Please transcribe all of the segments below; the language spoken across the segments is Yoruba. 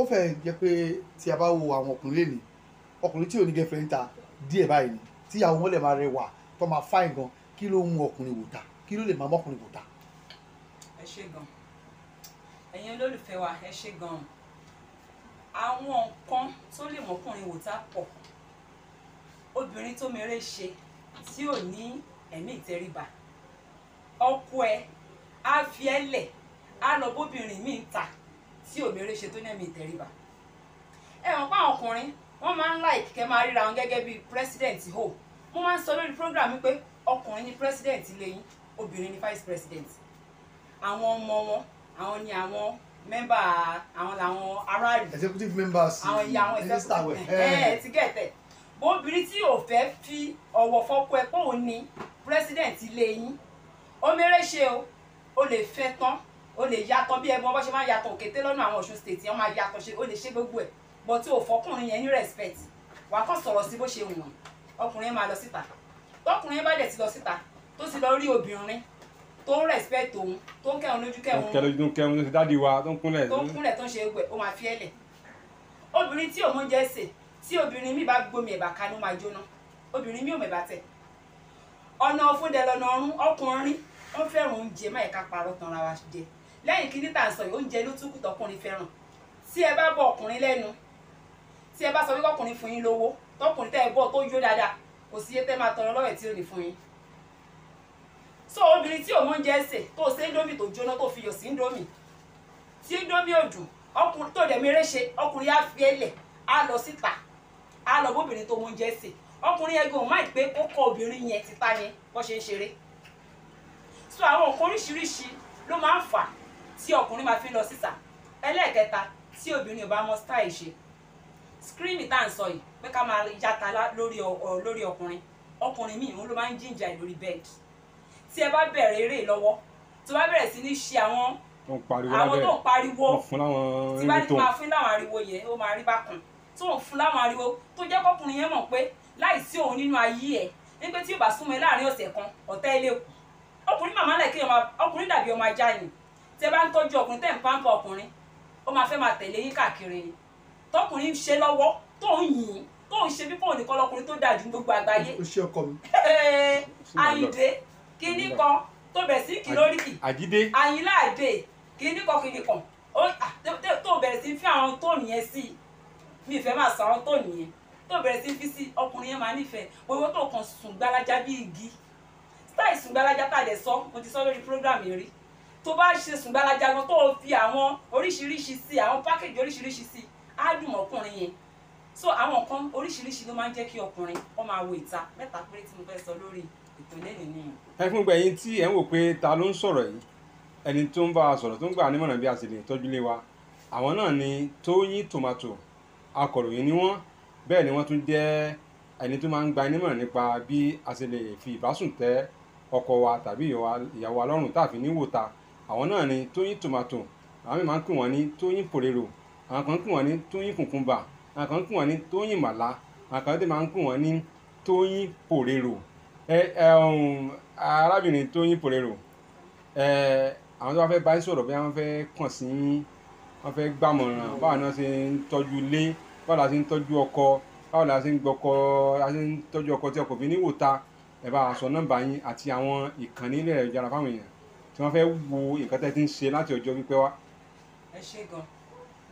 ó fẹ́ jẹ́ pé tí a bá wo àwọn ọkùnrin lè ní ọkùnrin tí ò ní girlfriend ta díẹ̀ báyìí ni tí àwọn wọn lè máa rẹwà tó máa fáìn gan kí ló ń mú ọkùnrin wò ta kí ló lè máa mọ́kùnrin wò ta. ẹ ṣe gan ẹ̀yin olólùfẹ́ wa ẹ ṣe gan àwọn nǹkan tó lè mọ́kùnrin wò ta pọ̀ obìnrin tó mèrè ṣe tí ò ní ẹ̀mí ìtẹríba ọkọ ẹ á fi ẹ lẹ̀ á lọ bóbìnrin míì ta tí obìnrin ṣe tó ní ẹ̀mí ìtẹríba ẹ mọ̀ pé àwọn ọkùnrin wọ́n máa ń like kẹ́ máa ríra wọn gẹ́gẹ́ bíi president ho mo máa ń sọ lórí program pé ọkùnrin ni president lẹ́yìn obìnrin ni vice president àwọn ọmọ wọn àwọn ni àwọn mẹ́mbà àwọn làwọn aráàlú executive members àwọn ìyá àwọn executive ẹ ti gẹ̀tẹ̀ bó tí ò fẹ́ fi ọ̀wọ̀ fọ́kọ ẹ pé òun ni president lẹ́yìn ó mẹ́rẹ́ ṣe o ó lè fẹ́ tán o lè yàtọ̀ bí ẹbọn bó ṣe máa yàtọ̀ òkété lọ́nà àwọn Ọ̀ṣun state yẹn máa yàtọ̀ ṣe o lè ṣe gbogbo ẹ̀ bọ́ tí o fọkùnrin yẹn ní respect wàá kàn sọ̀rọ̀ sí bó ṣe wù wọ́n ọkùnrin yẹn máa lọ síta tọkùnrin yẹn bá dẹ̀ ti lọ síta tó ti lọ rí obìnrin tó ń respect òun tó ń kẹ́hún lójú kẹ́hún kẹ́lójú kẹ́hún dáàdi wa tó ń kúnlẹ̀ tó ń kúnlẹ̀ tó ń ṣe gbẹ ó máa fi ẹ́ obìnrin tí òun jẹ́ sè tí obìnrin mi bá gbomi ẹ̀bà kanú máa jóná obìnrin mi ò mẹ̀bà tẹ̀ ọ̀nà ọ̀fúndẹ̀ lọ́nà ọ̀run ọkùnrin wọ́n fẹ́ràn oúnjẹ má ẹ̀ka parọ́ tan ra wa jẹ lẹ́yìn kí níta sọ yìí oúnjẹ ló tún kù tọkùnrin fẹ́ràn tí ẹ bá bọ ọkùnrin lẹ́nu tí ẹ bá sọ wípé ọkùnrin fún yín lówó tọkùnrin tẹ́ ẹ bọ́ tó yó dáadáa kò sí iye tẹ́ máa tọrọ lọ́wọ́ ẹ̀ tí ò ní fún yín so obìnrin tí òun oúnjẹ sè tó ṣe indomie tó jóná tó fi yọ̀ sí indomie tí indomie ò dùn ọkùnrin tó dẹ̀ méré ṣe ọkùnrin á fi ẹlẹ̀ á lọ síta á lọ bóbìnrin tó oúnjẹ sè ọkùnrin yẹn gan máa pé ó kọ obìnrin yẹn títa yẹn bó ṣe ń ṣeré so àwọn nǹkan oríṣiríṣi ló máa ń fà tí ọkùnrin máa fi ń lọ sísà ẹlẹ́ẹ̀kẹta tí obìnrin ò bá mọ style ṣe scream tá à ń sọ yìí pé ká máa yàtà lórí lórí ọkùnrin ọkùnrin míì òun ló máa ń jíǹjà lórí bẹ́ẹ̀dì tí ẹ bá bẹ̀rẹ̀ eré lọ́wọ́ tó bá bẹ̀rẹ̀ sí ní ṣe àwọn àwọn tó ń pariwo tí bá ní máa fún láwọn ariwo yẹn ó máa rí bákan tó ń fún láwọn ariwo tó jẹ́ kọ́kùnrin yẹn mọ̀ pé láìsí òun nínú ayé ẹ̀ nígbà tí yóò bá súnmọ́ ẹ láàrin ọ̀sẹ̀ kan ọ̀tá ilé ọkùnrin màmá náà kéèyàn ọkùnrin dàbí ọmọ ajá yìí tẹ́ bá ń tọ́jú ọkùnrin tẹ́ ń pàǹpà ọkùnrin ó máa fẹ́ máa tẹ̀lé yín káàkiri ni tọkùnrin ṣe lọ́wọ́ tó ń yìn tó ń ṣe pípọ̀ nìkan lọkùnrin tó dáa ju gbogbo àgbáyé àyìndé kínní kan tó bẹ̀rẹ̀ sí kí lóríkì àyìnlá àdè kínní kan kínní kan tó bẹ̀rẹ̀ sí fi àwọn tóònù yẹn sí mi ìfẹ́ máa sọ àwọn tóònù yẹn tó bẹ̀rẹ̀ sí fi sí ọkùnrin yẹn máa nífẹ̀ẹ́ gbogbo tó kàn sùn gbalaja bí igi style sùn gbalaja tá a lè sọ mo ti sọ lórí program yìí rí tó bá ṣe sùn gbalaja gan tó o fi àwọn oríṣiríṣi sí àwọn pákéjì oríṣiríṣi sí á dùn ọkùnrin yẹn so àwọn nǹkan oríṣiríṣi ló máa ń jẹ́ kí ọkùnrin ó máa wo ìta mẹ́ta péré tí mo fẹ́ sọ lórí ètò lẹ́nu nìyẹn. ẹ fún gbẹ̀yìn tí ẹ̀ ń wò pé ta ló ń sọ̀rọ̀ yìí ẹni tó ń bá a sọ̀rọ̀ tó ń gbà nímọ̀ràn bí a sì lè tọ́jú lé wa àwọn náà ni Tóyìn Tòmátò akọ̀ròyìn ni wọ́n bẹ́ẹ̀ ni wọ́n tún jẹ́ ẹni tó máa ń gba nímọ̀ràn nípa bí a sì lè fi ìbásùn tẹ́ ọkọ wa tàbí ìyàwó wa tá a fi ní wò ta àwọn náà ni tóyìn tomato àwọn mìíràn máa ń pè wọ́n ní tóyìn pòrèrò àwọn kan ń pè wọ́n ní tóyìn kùkùmbà àwọn kan ń pè wọ́n ní tóyìn màlá àwọn kan máa ń pè wọ́n ní tóyìn pòrèrò ẹ ẹ um, arábìnrin tóyìn pòrèrò ẹ àwọn tó bá fẹ́ bá yín sọ̀rọ̀ bí wọ́n fẹ́ kàn sí yín wọ́n fẹ́ gbàmọ̀ràn báwo ni wọ́n ṣe ń tọ́jú ilé báwo la ṣe ń tọ́jú ọkọ báwo la ṣe ń gbọ́kọ la ṣe ń tọ́jú ọkọ tí ọkọ fi ní wò ta ẹ bá a sọ nọ́mbà yín àti àwọn ìkànnì ilé ẹ̀rọ ìjára fáwọn èèyàn tí wọ́n fẹ́ wo nǹkan tẹ́ ti ń ṣe láti ọjọ́ pípẹ́ wá. ẹ ṣe gan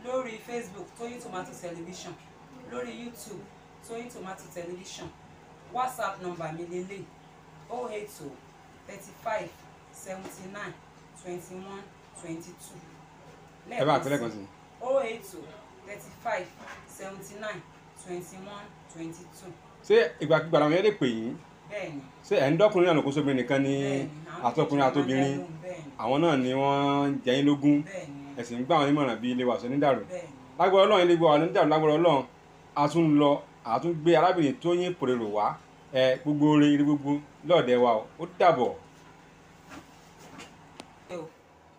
lórí Facebook Toyin Tomato Television lórí YouTube Toyin Tomato Television WhatsApp nọ́mbà mi lélẹ̀ 080 35 79 21 22. ẹ bá àpẹẹrẹ kan sí. 080 35 79 21 22. ṣé ìgbàkigbà làwọn yẹn lè pè yín ṣé ẹ̀ ń dọ́kùnrin àná kó sóbìnrin nìkan ni àtọkùnrin àtobìnrin àwọn náà ni wọ́n jẹ yín lógún ẹ sì ń gbà wọn ilé wa sọ nídàrú lágbára ọlọ́run ilé wa nídàrú lágbára ọlọ́run a tún lọ a tún gbé arábìnrin Tóyìn Porero wá ẹ gbogbo oore ire gbogbo lọ́ọ̀dẹ wa ó dàbọ̀.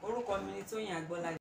orúkọ mi ni Tóyìn Agbọ́lájé.